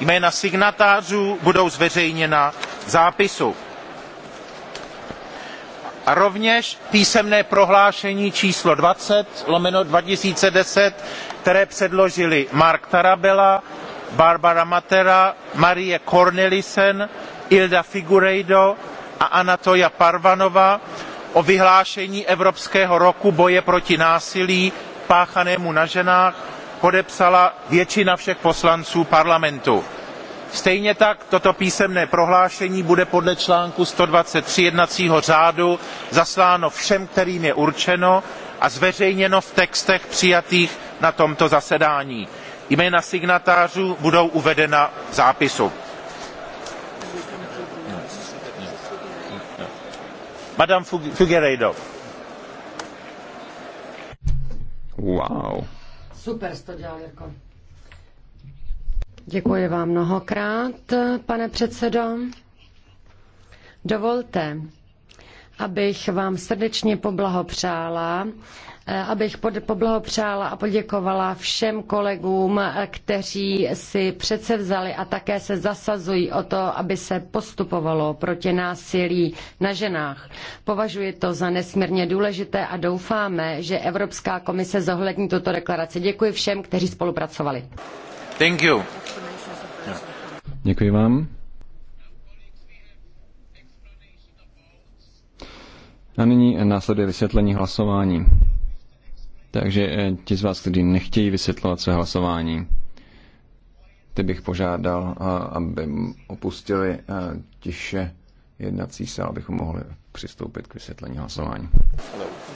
Jména signatářů budou zveřejněna v zápisu. A rovněž písemné prohlášení číslo 20 lomeno 2010, které předložili Mark Tarabella, Barbara Matera, Marie Cornelissen, Ilda Figueiredo a Anatoja Parvanova o vyhlášení Evropského roku boje proti násilí páchanému na ženách podepsala většina všech poslanců parlamentu. Stejně tak toto písemné prohlášení bude podle článku 123 jednacího řádu zasláno všem, kterým je určeno a zveřejněno v textech přijatých na tomto zasedání. Jména signatářů budou uvedena v zápisu. Madame Figueiredo. Wow. Super jsi to dělal, Jirko. Děkuji vám mnohokrát, pane předsedo. Dovolte, abych vám srdečně poblahopřála eh, abych poblahopřála a poděkovala všem kolegům, eh, kteří si předsevzali a také se zasazují o to, aby se postupovalo proti násilí na ženách. Považuji to za nesmírně důležité a doufáme, že Evropská komise zohlední tuto deklaraci. Děkuji všem, kteří spolupracovali. Thank you. Děkuji vám. A nyní následuje vysvětlení hlasování. Takže eh, ti z vás, kteří nechtějí vysvětlovat své hlasování, ty bych požádal, eh, aby opustili eh, tiše jednací sál, abychom mohli přistoupit k vysvětlení hlasování. Hello.